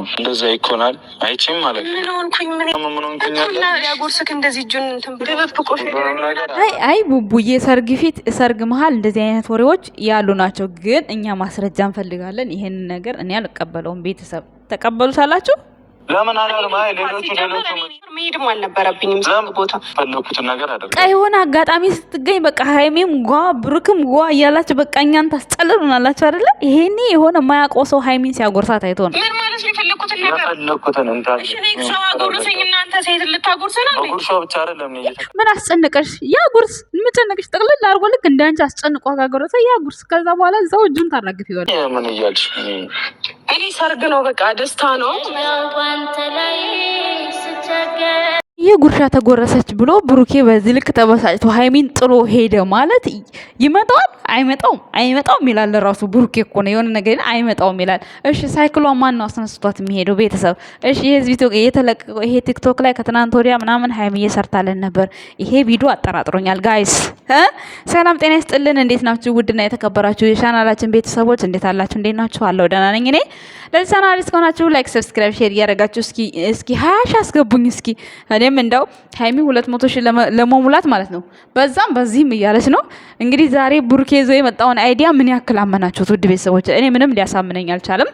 ነው። እንደዛ ይኮናል። አይቼም ማለት አይ ቡቡዬ፣ ሰርግ ፊት ሰርግ መሀል እንደዚህ አይነት ወሬዎች ያሉ ናቸው። ግን እኛ ማስረጃ እንፈልጋለን። ይሄን ነገር እኔ አልቀበለውም። ቤተሰብ ተቀበሉታላችሁ? ለምን አላልም? አይ ሌሎቹ ሌሎቹ መሄድም አልነበረብኝም። ቦታ ፈለኩትን ነገር አደረግ በቃ የሆነ አጋጣሚ ስትገኝ በቃ ሀይሜም ጓ ብሩክም ጓ እያላችሁ በቃ እኛን ታስጠልሉን አይደለ? ይሄኔ የሆነ ማያውቀው ሰው ሀይሜን ሲያጎርሳት አይቶ ነው። ምን ማለት ነው? የፈለኩትን ነገር የፈለኩትን ሰው አጎርሰኝ። እናንተ ሴት ልታጎርስ ነው? ጉርሷ ብቻ አይደለም። ምን አስጨነቀሽ? ያ ጉርስ የምጨነቅሽ ጠቅልል አድርጎ ልክ እንዳንቺ አስጨንቆ አጋጎረሰ ያ ጉርስ። ከዛ በኋላ እዛው እጁን ታራግፍ ይሆናል። ምን እያልሽ እኔ ሰርግ ነው በቃ ደስታ ነው። ይህ ጉርሻ ተጎረሰች ብሎ ብሩኬ በዚህ ልክ ተበሳጭቶ ሀይሚን ጥሎ ሄደ ማለት ይመጣዋል? አይመጣውም። አይመጣውም ይላል ራሱ ብሩኬ እኮ ነው የሆነ ነገር አይመጣውም ይላል። እሺ ሳይክሏ ማን ነው አስነስቷት የሚሄደው? ቤተሰብ። እሺ ይሄ ህዝብ የተለቀቀው ይሄ ቲክቶክ ላይ ከትናንት ወዲያ ምናምን ሀይሚ እየሰርታለን ነበር። ይሄ ቪዲዮ አጠራጥሮኛል ጋይስ። ሰላም ጤና ይስጥልን። እንዴት ናችሁ? ውድና የተከበራችሁ የቻናላችን ቤተሰቦች እንዴት አላችሁ? እንዴት ናችሁ? አለው ደህና ነኝ እኔ። ለዚህ ቻናል ላይክ፣ ሰብስክራይብ፣ ሼር እያደረጋችሁ እስኪ እስኪ ሀያ አስገቡኝ እስኪ እኔም እንደው ሀይሚ ሁለት መቶ ሺህ ለመሙላት ማለት ነው በዛም በዚህም እያለች ነው እንግዲህ ዛሬ ቡርኬ ይዞ የመጣውን አይዲያ ምን ያክል አመናችሁት? ውድ ቤተሰቦች እኔ ምንም ሊያሳምነኝ አልቻለም።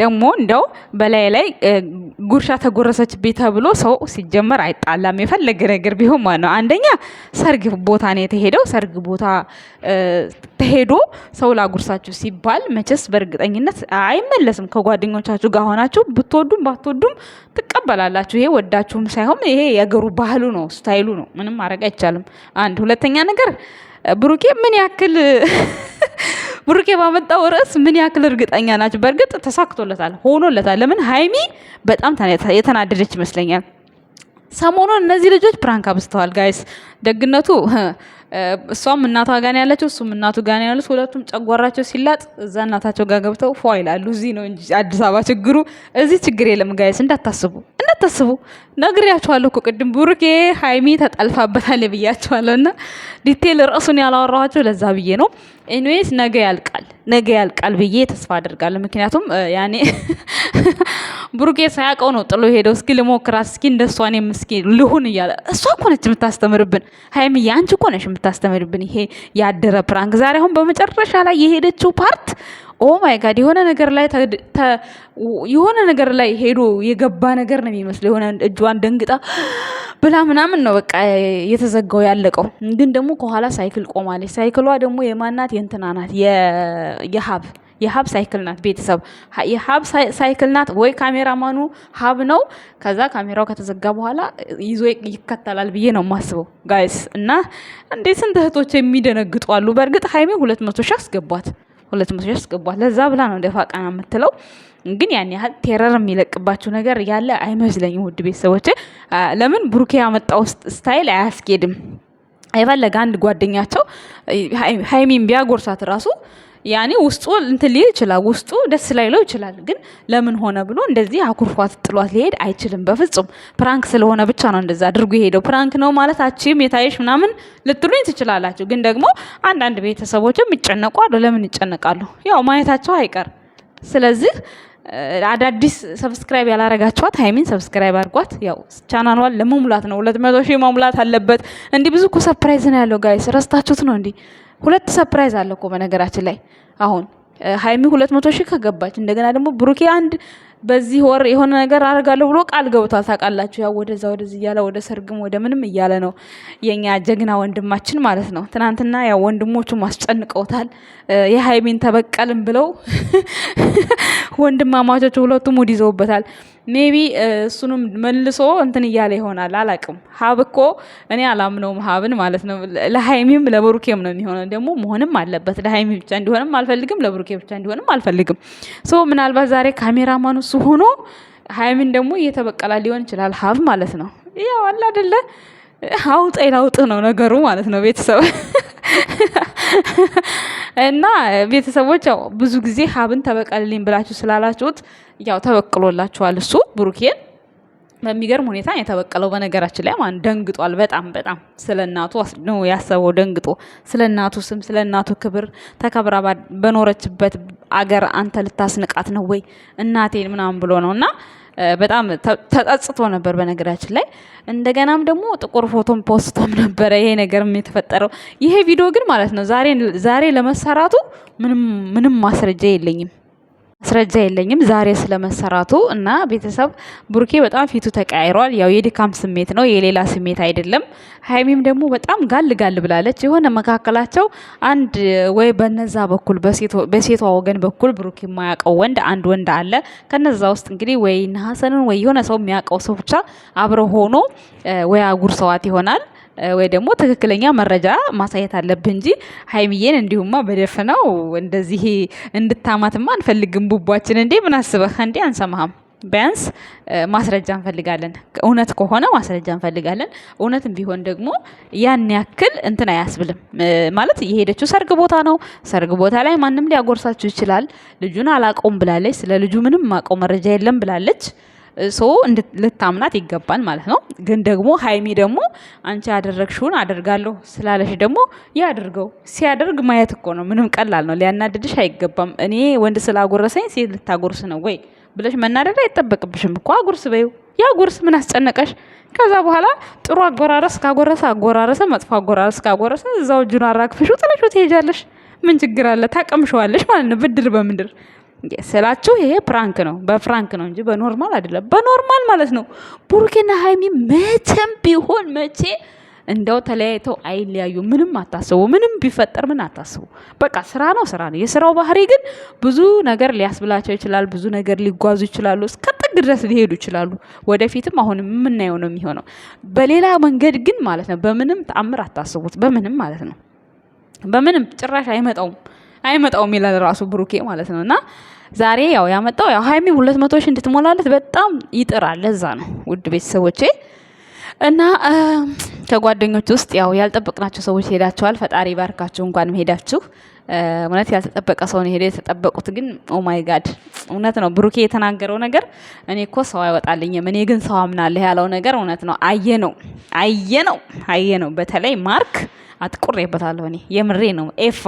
ደግሞ እንደው በላይ ላይ ጉርሻ ተጎረሰችብኝ ተብሎ ሰው ሲጀመር አይጣላም። የፈለገ ነገር ቢሆን ማለት ነው። አንደኛ ሰርግ ቦታ ነው የተሄደው። ሰርግ ቦታ ተሄዶ ሰው ላጉርሳችሁ ሲባል መቼስ በእርግጠኝነት አይመለስም። ከጓደኞቻችሁ ጋር ሆናችሁ ብትወዱም ባትወዱም ትቀበላላችሁ። ይሄ ወዳችሁም ሳይሆን ይሄ የገሩ ባህሉ ነው፣ ስታይሉ ነው። ምንም ማድረግ አይቻልም። አንድ ሁለተኛ ነገር ብሩኬ ምን ያክል ብሩኬ ባመጣው ርዕስ ምን ያክል እርግጠኛ ናቸው? በእርግጥ ተሳክቶለታል፣ ሆኖለታል። ለምን ሀይሚ በጣም የተናደደች ይመስለኛል። ሰሞኑን እነዚህ ልጆች ፕራንክ አብዝተዋል። ጋይስ ደግነቱ እሷም እናቷ ጋን ያለችው እሱም እናቱ ጋን ያሉት ሁለቱም ጨጓራቸው ሲላጥ እዛ እናታቸው ጋር ገብተው ፏ ይላሉ። እዚህ ነው እንጂ አዲስ አበባ ችግሩ። እዚህ ችግር የለም ጋይስ፣ እንዳታስቡ እንዳታስቡ። ነግሬያችኋለሁ እኮ ቅድም ብሩኬ ሀይሚ ተጠልፋበታል ብያችኋለሁ። እና ዲቴል ርዕሱን ያላወራኋቸው ለዛ ብዬ ነው። ኤኒዌይስ ነገ ያልቃል ነገ ያልቃል ብዬ ተስፋ አደርጋለሁ። ምክንያቱም ያኔ ብሩኬ ሳያውቀው ነው ጥሎ ሄደው። እስኪ ልሞክራት፣ እስኪ እንደሷን እስኪ ልሁን እያለ እሷ እኮ ነች የምታስተምርብን። ሀይሚዬ አንቺ እኮ የምታስተምርብን። ይሄ ያደረ ፕራንክ ዛሬ አሁን በመጨረሻ ላይ የሄደችው ፓርት ኦ ማይ ጋድ የሆነ ነገር ላይ የሆነ ነገር ላይ ሄዶ የገባ ነገር ነው የሚመስለው። የሆነ እጇን ደንግጣ ብላ ምናምን ነው በቃ የተዘጋው ያለቀው። ግን ደግሞ ከኋላ ሳይክል ቆማለች። ሳይክሏ ደግሞ የማናት የእንትና ናት የሀብ የሀብ ሳይክል ናት። ቤተሰብ የሀብ ሳይክል ናት ወይ ካሜራማኑ ሀብ ነው። ከዛ ካሜራው ከተዘጋ በኋላ ይዞ ይከተላል ብዬ ነው የማስበው ጋይስ። እና እንዴ ስንት እህቶች የሚደነግጡ አሉ። በእርግጥ ሀይሜ ሁለት መቶ ሺህ አስገቧት ሁለት መቶ ሺህ አስገቧት። ለዛ ብላ ነው ደፋ ቀና የምትለው። ግን ያን ያህል ቴረር የሚለቅባቸው ነገር ያለ አይመስለኝም። ውድ ቤተሰቦች ለምን ብሩኬ ያመጣው ስታይል አያስኬድም። የፈለገ አንድ ጓደኛቸው ሀይሚን ቢያጎርሳት ራሱ ያኔ ውስጡ እንትን ሊል ይችላል፣ ውስጡ ደስ ላይለው ይችላል። ግን ለምን ሆነ ብሎ እንደዚህ አኩርፏት ጥሏት ሊሄድ አይችልም በፍጹም። ፕራንክ ስለሆነ ብቻ ነው እንደዛ አድርጎ የሄደው። ፕራንክ ነው ማለት አቺም የታየሽ ምናምን ልትሉኝ ትችላላችሁ። ግን ደግሞ አንዳንድ ቤተሰቦችም ይጨነቁ አሉ። ለምን ይጨነቃሉ? ያው ማየታቸው አይቀር። ስለዚህ አዳዲስ ሰብስክራይብ ያላረጋችኋት ሀይሚን ሰብስክራይብ አድርጓት። ያው ቻናሏን ለመሙላት ነው፣ ሁለት መቶ ሺህ መሙላት አለበት። እንዲህ ብዙ እኮ ሰርፕራይዝ ነው ያለው ጋይስ፣ ረስታችሁት ነው እንዲህ ሁለት ሰፕራይዝ አለ እኮ በነገራችን ላይ አሁን ሀይሚ ሁለት መቶ ሺህ ከገባች እንደገና ደግሞ ብሩኬ አንድ በዚህ ወር የሆነ ነገር አድርጋለሁ ብሎ ቃል ገብቷል። ታውቃላችሁ፣ ያው ወደዛ ወደዚህ እያለ ወደ ሰርግም ወደ ምንም እያለ ነው የኛ ጀግና ወንድማችን ማለት ነው። ትናንትና ያው ወንድሞቹ አስጨንቀውታል። የሀይሚን ተበቀልም ብለው ወንድማማቾቹ ሁለቱ ሙድ ይዘውበታል። ሜቢ uh, እሱንም መልሶ እንትን እያለ ይሆናል። አላቅም። ሀብ እኮ እኔ አላምነውም ሀብን ማለት ነው። ለሀይሚም ለብሩኬም ነው የሚሆነ ደግሞ መሆንም አለበት። ለሀይሚ ብቻ እንዲሆንም አልፈልግም፣ ለብሩኬ ብቻ እንዲሆንም አልፈልግም። ሶ ምናልባት ዛሬ ካሜራማኑ እሱ ሆኖ ሀይሚን ደግሞ እየተበቀላ ሊሆን ይችላል ሀብ ማለት ነው። ያው አለ አይደለ አውጠ ይላውጥ ነው ነገሩ ማለት ነው ቤተሰብ እና ቤተሰቦች ያው ብዙ ጊዜ ሀብን ተበቀልልኝ ብላችሁ ስላላችሁት ያው ተበቅሎላችኋል። እሱ ብሩኬን በሚገርም ሁኔታ የተበቀለው በነገራችን ላይ ማን ደንግጧል። በጣም በጣም ስለ እናቱ ነው ያሰበው። ደንግጦ ስለ እናቱ ስም ስለ እናቱ ክብር ተከብራ በኖረችበት አገር አንተ ልታስንቃት ነው ወይ እናቴን ምናምን ብሎ ነው እና በጣም ተጸጽቶ ነበር። በነገራችን ላይ እንደገናም ደግሞ ጥቁር ፎቶም ፖስቶም ነበረ ይሄ ነገርም የተፈጠረው። ይሄ ቪዲዮ ግን ማለት ነው ዛሬ ለመሰራቱ ምንም ማስረጃ የለኝም። ማስረጃ የለኝም ዛሬ ስለመሰራቱ እና ቤተሰብ ብሩኬ በጣም ፊቱ ተቀያይሯል። ያው የድካም ስሜት ነው የሌላ ስሜት አይደለም። ሀይሚም ደግሞ በጣም ጋል ጋል ብላለች። የሆነ መካከላቸው አንድ ወይ በነዛ በኩል በሴቷ ወገን በኩል ብሩኬ የማያውቀው ወንድ አንድ ወንድ አለ። ከነዛ ውስጥ እንግዲህ ወይ ነሐሰንን ወይ የሆነ ሰው የሚያውቀው ሰው ብቻ አብረ ሆኖ ወይ አጉር ሰዋት ይሆናል ወይ ደግሞ ትክክለኛ መረጃ ማሳየት አለብህ እንጂ ሀይሚዬን እንዲሁማ በደፍነው እንደዚህ እንድታማትማ አንፈልግም። ቡቧችን እንዴ ምን አስበህ እንዴ አንሰማህም። ቢያንስ ማስረጃ እንፈልጋለን። እውነት ከሆነ ማስረጃ እንፈልጋለን። እውነትም ቢሆን ደግሞ ያን ያክል እንትን አያስብልም ማለት የሄደችው ሰርግ ቦታ ነው። ሰርግ ቦታ ላይ ማንም ሊያጎርሳችሁ ይችላል። ልጁን አላቀውም ብላለች። ስለ ልጁ ምንም ማቀው መረጃ የለም ብላለች። ሶ ልታምናት ይገባል ማለት ነው። ግን ደግሞ ሀይሚ ደግሞ አንቺ ያደረግሽውን አደርጋለሁ ስላለሽ ደግሞ ያድርገው። ሲያደርግ ማየት እኮ ነው። ምንም ቀላል ነው። ሊያናድድሽ አይገባም። እኔ ወንድ ስላጎረሰኝ ሴት ልታጎርስ ነው ወይ ብለሽ መናደድ አይጠበቅብሽም እኮ አጉርስ በይው። ያ ጉርስ ምን አስጨነቀሽ? ከዛ በኋላ ጥሩ አጎራረስ ካጎረሰ አጎራረሰ፣ መጥፎ አጎራረስ ካጎረሰ እዛው እጁን አራግፈሽው ጥለሽው ትሄጃለሽ። ምን ችግር አለ? ታቀምሸዋለሽ ማለት ነው ብድር በምድር ስላችሁ ይሄ ፕራንክ ነው። በፍራንክ ነው እንጂ በኖርማል አይደለም። በኖርማል ማለት ነው። ቡርኬና ሀይሚ መቼም ቢሆን መቼ እንደው ተለያይተው አይለያዩ። ምንም አታስቡ። ምንም ቢፈጠር ምን አታስቡ። በቃ ስራ ነው፣ ስራ ነው። የስራው ባህሪ ግን ብዙ ነገር ሊያስብላቸው ይችላል። ብዙ ነገር ሊጓዙ ይችላሉ። እስከ ጥግ ድረስ ሊሄዱ ይችላሉ። ወደፊትም አሁን የምናየው ነው የሚሆነው። በሌላ መንገድ ግን ማለት ነው በምንም ተአምር አታስቡት። በምንም ማለት ነው በምንም ጭራሽ አይመጣውም። አይመጣውም ይላል ራሱ ብሩኬ ማለት ነው። እና ዛሬ ያው ያመጣው ያው ሀይሚ ሁለት መቶ ሺህ እንድትሞላለት በጣም ይጥራል። ለዛ ነው ውድ ቤተሰቦቼ እና ከጓደኞች ውስጥ ያው ያልጠበቅናቸው ሰዎች ሄዳቸዋል። ፈጣሪ ባርካችሁ። እንኳንም ሄዳችሁ እውነት ያልተጠበቀ ሰውን ሄደ። የተጠበቁት ግን ኦማይ ጋድ እውነት ነው። ብሩኬ የተናገረው ነገር እኔ እኮ ሰው አይወጣልኝም እኔ ግን ሰው አምናለህ ያለው ነገር እውነት ነው። አየ ነው አየ ነው አየ ነው። በተለይ ማርክ አጥቁሬበታለሁ እኔ የምሬ ነው ኤፋ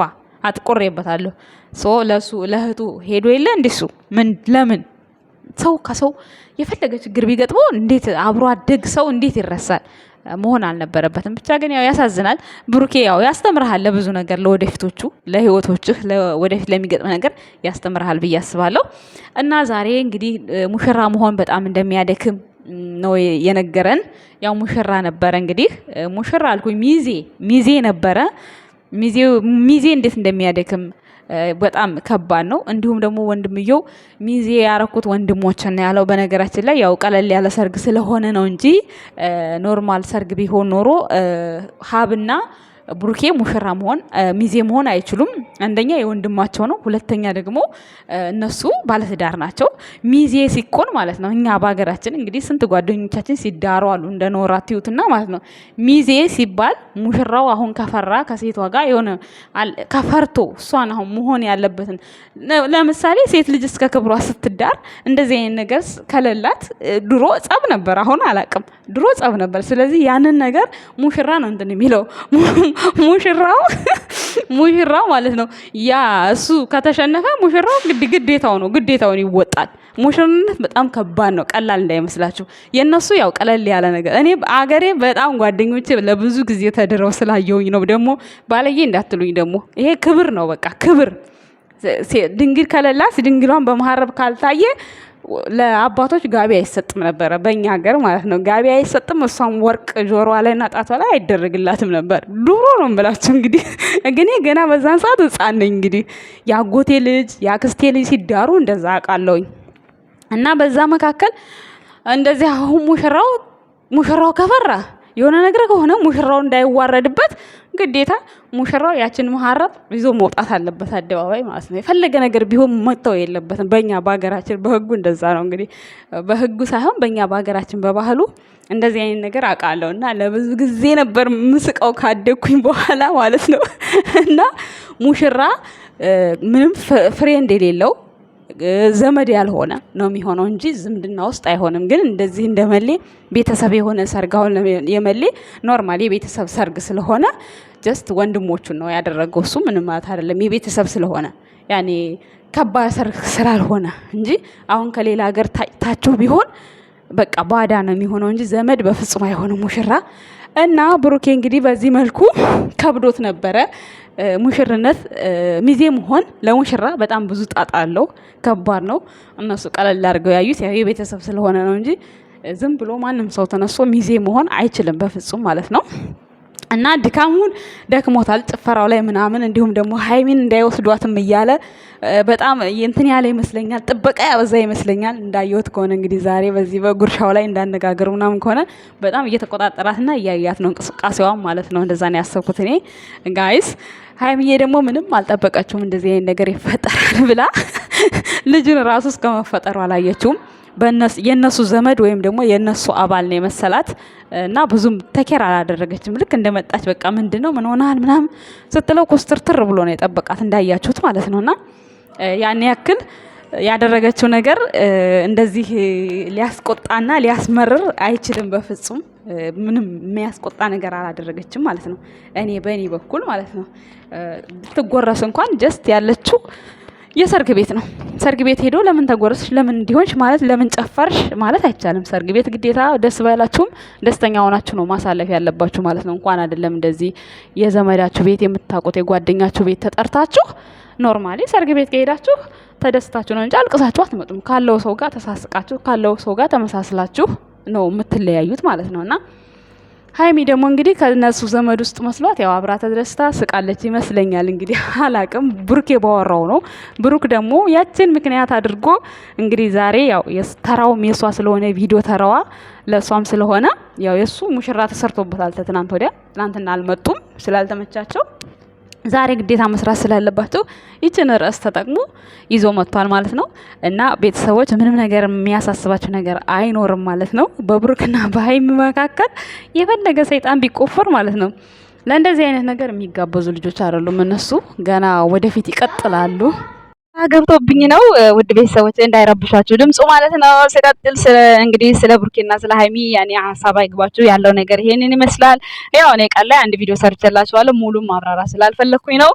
አጥቆሬበታለሁ። ሶ ለሱ ለእህቱ ሄዶ የለ እንዲሱ ምን ለምን ሰው ከሰው የፈለገ ችግር ቢገጥመው እንዴት አብሮ አደግ ሰው እንዴት ይረሳል? መሆን አልነበረበትም። ብቻ ግን ያው ያሳዝናል። ብሩኬ ያው ያስተምርሃል ለብዙ ነገር፣ ለወደፊቶቹ፣ ለህይወቶችህ፣ ወደፊት ለሚገጥም ነገር ያስተምርሃል ብዬ አስባለሁ። እና ዛሬ እንግዲህ ሙሽራ መሆን በጣም እንደሚያደክም ነው የነገረን። ያው ሙሽራ ነበረ እንግዲህ ሙሽራ አልኩኝ፣ ሚዜ ሚዜ ነበረ ሚዜ እንዴት እንደሚያደክም በጣም ከባድ ነው። እንዲሁም ደግሞ ወንድምየው ሚዜ ያረኩት ወንድሞችን ያለው በነገራችን ላይ ያው ቀለል ያለ ሰርግ ስለሆነ ነው እንጂ ኖርማል ሰርግ ቢሆን ኖሮ ሀብና ብሩኬ ሙሽራ መሆን ሚዜ መሆን አይችሉም። አንደኛ የወንድማቸው ነው፣ ሁለተኛ ደግሞ እነሱ ባለትዳር ናቸው። ሚዜ ሲኮን ማለት ነው እኛ በሀገራችን እንግዲህ ስንት ጓደኞቻችን ሲዳሩ አሉ እንደ ኖራ ትዩትና ማለት ነው። ሚዜ ሲባል ሙሽራው አሁን ከፈራ ከሴቷ ጋር የሆነ ከፈርቶ እሷን አሁን መሆን ያለበትን ለምሳሌ ሴት ልጅ እስከ ክብሯ ስትዳር እንደዚህ አይነት ነገር ከሌላት ድሮ ጸብ ነበር፣ አሁን አላቅም። ድሮ ጸብ ነበር። ስለዚህ ያንን ነገር ሙሽራ ነው እንትን የሚለው ሙሽራው ሙሽራው ማለት ነው። ያ እሱ ከተሸነፈ ሙሽራው ግዴታው ነው፣ ግዴታውን ይወጣል። ሙሽርነት በጣም ከባድ ነው፣ ቀላል እንዳይመስላችሁ። የእነሱ ያው ቀለል ያለ ነገር። እኔ አገሬ በጣም ጓደኞቼ ለብዙ ጊዜ ተድረው ስላየውኝ ነው። ደግሞ ባለዬ እንዳትሉኝ ደግሞ ይሄ ክብር ነው፣ በቃ ክብር ድንግል ከለላ ድንግሏን በመሀረብ ካልታየ ለአባቶች ጋቢ አይሰጥም ነበረ፣ በእኛ ሀገር ማለት ነው። ጋቢ አይሰጥም፣ እሷም ወርቅ ጆሮዋ ላይ እና ጣቷ ላይ አይደረግላትም ነበር። ዱሮ ነው እምላችሁ። እንግዲህ እኔ ገና በዛን ሰዓት ሕፃን ነኝ። እንግዲህ የአጎቴ ልጅ የአክስቴ ልጅ ሲዳሩ እንደዛ አውቃለሁኝ። እና በዛ መካከል እንደዚህ አሁን ሙሽራው ሙሽራው ከፈራ የሆነ ነገር ከሆነ ሙሽራው እንዳይዋረድበት ግዴታ ሙሽራው ያችን መሀረብ ይዞ መውጣት አለበት አደባባይ ማለት ነው። የፈለገ ነገር ቢሆን መተው የለበትም። በእኛ በሀገራችን በህጉ እንደዛ ነው እንግዲህ በህጉ ሳይሆን በእኛ በሀገራችን በባህሉ እንደዚህ አይነት ነገር አውቃለሁ እና ለብዙ ጊዜ ነበር ምስቀው ካደግኩኝ በኋላ ማለት ነው እና ሙሽራ ምንም ፍሬንድ የሌለው ዘመድ ያልሆነ ነው የሚሆነው እንጂ ዝምድና ውስጥ አይሆንም። ግን እንደዚህ እንደመሌ ቤተሰብ የሆነ ሰርግ አሁን የመሌ ኖርማል የቤተሰብ ሰርግ ስለሆነ ጀስት ወንድሞቹን ነው ያደረገው። እሱ ምንም ማለት አይደለም፣ የቤተሰብ ስለሆነ ያኔ ከባድ ሰርግ ስላልሆነ እንጂ አሁን ከሌላ ሀገር ታችሁ ቢሆን በቃ ባዳ ነው የሚሆነው እንጂ ዘመድ በፍጹም አይሆንም ሙሽራ እና ብሩኬ እንግዲህ በዚህ መልኩ ከብዶት ነበረ። ሙሽርነት ሚዜ መሆን ለሙሽራ በጣም ብዙ ጣጣ አለው፣ ከባድ ነው። እነሱ ቀለል አድርገው ያዩት ያው የቤተሰብ ስለሆነ ነው እንጂ ዝም ብሎ ማንም ሰው ተነስቶ ሚዜ መሆን አይችልም በፍጹም ማለት ነው። እና ድካሙን ደክሞታል ጭፈራው ላይ ምናምን እንዲሁም ደግሞ ሀይሚን እንዳይወስዷትም እያለ በጣም እንትን ያለ ይመስለኛል። ጥበቃ ያበዛ ይመስለኛል እንዳየወት ከሆነ እንግዲህ ዛሬ በዚህ በጉርሻው ላይ እንዳነጋገሩ ምናምን ከሆነ በጣም እየተቆጣጠራትና እያያት ነው እንቅስቃሴዋ ማለት ነው። እንደዛ ነው ያሰብኩት እኔ ጋይስ። ሀይሚዬ ደግሞ ምንም አልጠበቀችውም እንደዚህ አይነት ነገር ይፈጠራል ብላ ልጁን ራሱ እስከ አላየችውም። የእነሱ ዘመድ ወይም ደግሞ የእነሱ አባል ነው የመሰላት እና ብዙም ተኬር አላደረገችም። ልክ እንደመጣች በቃ ምንድን ነው ምን ሆናል ምናምን ስትለው ኮስትርትር ብሎ ነው የጠበቃት እንዳያችሁት ማለት ነው እና ያን ያክል ያደረገችው ነገር እንደዚህ ሊያስቆጣና ሊያስመርር አይችልም። በፍጹም ምንም የሚያስቆጣ ነገር አላደረገችም ማለት ነው። እኔ በእኔ በኩል ማለት ነው ብትጎረስ እንኳን ጀስት ያለችው የሰርግ ቤት ነው። ሰርግ ቤት ሄዶ ለምን ተጎረስሽ፣ ለምን እንዲሆንሽ ማለት ለምን ጨፈርሽ ማለት አይቻልም። ሰርግ ቤት ግዴታ ደስ ባይላችሁም ደስተኛ ሆናችሁ ነው ማሳለፍ ያለባችሁ ማለት ነው። እንኳን አይደለም እንደዚህ የዘመዳችሁ ቤት የምታውቁት የጓደኛችሁ ቤት ተጠርታችሁ ኖርማሊ ሰርግ ቤት ከሄዳችሁ ተደስታችሁ ነው እንጂ አልቅሳችሁ አትመጡም። ካለው ሰው ጋር ተሳስቃችሁ ካለው ሰው ጋር ተመሳስላችሁ ነው የምትለያዩት ማለት ነውና ሀይሚ ደግሞ እንግዲህ ከነሱ ዘመድ ውስጥ መስሏት ያው አብራ ተደስታ ስቃለች ይመስለኛል። እንግዲህ አላቅም ብሩክ ባወራው ነው። ብሩክ ደግሞ ያችን ምክንያት አድርጎ እንግዲህ ዛሬ ያው ተራውም የሷ ስለሆነ ቪዲዮ ተራዋ ለእሷም ስለሆነ ያው የእሱ ሙሽራ ተሰርቶበታል። ተትናንት ወዲያ ትናንትና አልመጡም ስላልተመቻቸው ዛሬ ግዴታ መስራት ስላለባቸው ይችን ርዕስ ተጠቅሞ ይዞ መጥቷል ማለት ነው። እና ቤተሰቦች ምንም ነገር የሚያሳስባቸው ነገር አይኖርም ማለት ነው። በብሩክና በሀይሚ መካከል የፈለገ ሰይጣን ቢቆፈር ማለት ነው። ለእንደዚህ አይነት ነገር የሚጋበዙ ልጆች አይደሉም። እነሱ ገና ወደፊት ይቀጥላሉ። ገብቶብኝ ነው ውድ ቤተሰቦች እንዳይረብሻችሁ ድምፁ ማለት ነው። ስቀጥል እንግዲህ ስለ ብሩኬና ስለ ሀይሚ ያኔ ሀሳብ አይግባችሁ ያለው ነገር ይሄንን ይመስላል። ያው እኔ ቀን ላይ አንድ ቪዲዮ ሰርቼላችኋለሁ። ሙሉም ማብራራ ስላልፈለግኩኝ ነው።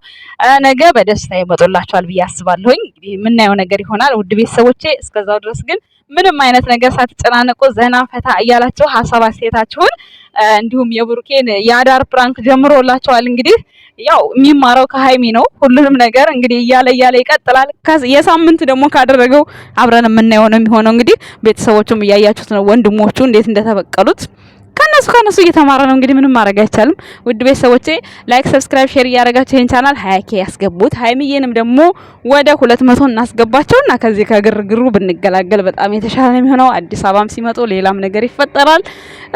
ነገ በደስታ ይመጡላችኋል ብዬ አስባለሁኝ። እንግዲህ የምናየው ነገር ይሆናል ውድ ቤተሰቦቼ። እስከዛው ድረስ ግን ምንም አይነት ነገር ሳትጨናነቁ ዘና ፈታ እያላችሁ ሀሳብ አስተያየታችሁን እንዲሁም የብሩኬን የአዳር ፕራንክ ጀምሮላቸዋል። እንግዲህ ያው የሚማረው ከሀይሚ ነው። ሁሉንም ነገር እንግዲህ እያለ እያለ ይቀጥላል። የሳምንት ደግሞ ካደረገው አብረን የምናየው ነው የሚሆነው። እንግዲህ ቤተሰቦቹም እያያችሁት ነው፣ ወንድሞቹ እንዴት እንደተበቀሉት ከነሱ ከነሱ እየተማረ ነው። እንግዲህ ምንም ማድረግ አይቻልም። ውድ ቤተሰቦቼ ላይክ፣ ሰብስክራይብ፣ ሼር እያደረጋችሁ ይሄን ቻናል ሀያ ኬ ያስገቡት። ሀይሚዬንም ደግሞ ወደ ሁለት መቶ እናስገባቸውና ከዚህ ከግርግሩ ብንገላገል በጣም የተሻለ ነው የሚሆነው። አዲስ አበባም ሲመጡ ሌላም ነገር ይፈጠራል።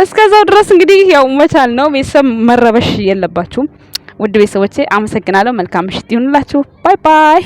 እስከዛው ድረስ እንግዲህ ያው መቻል ነው። ቤተሰብ መረበሽ የለባችሁም። ውድ ቤተሰቦቼ አመሰግናለሁ። መልካም ምሽት ይሁንላችሁ። ባይ ባይ